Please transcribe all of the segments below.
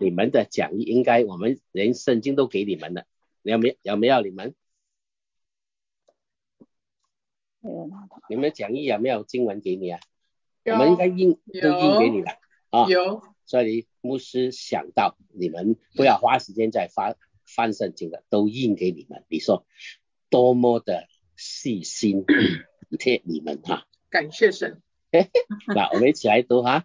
你們的講義應該我們連聖經都給你們了，你有沒有冇要你們？有沒有？你們的講義有沒有經文給你啊？要我們應該印有都印給你了有啊，有所以牧師想到你們不要花時間再翻翻聖經了，都印給你們，你說多麼的細心貼 你們哈。啊，感謝神。 那我們一起來讀哈。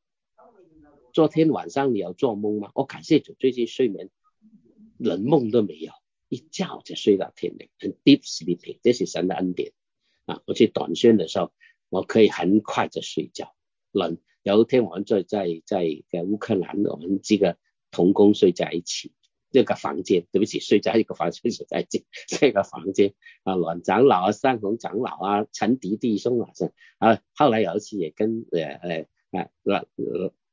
昨天晚上你有做夢嗎？我感謝主最近睡眠連夢都沒有，一覺就睡到天明，很 deep sleeping，這是神的恩典啊！我去短宣的時候，我可以很快就睡覺。連有一天我哋在在喺烏克蘭，我哋幾個同工睡在一起，一、這個房間，對不起，睡在一個房，睡在這 這個房間啊，王長老啊，三紅長老啊，陳迪弟兄啊，啊，後來有一次也跟、呃呃呃呃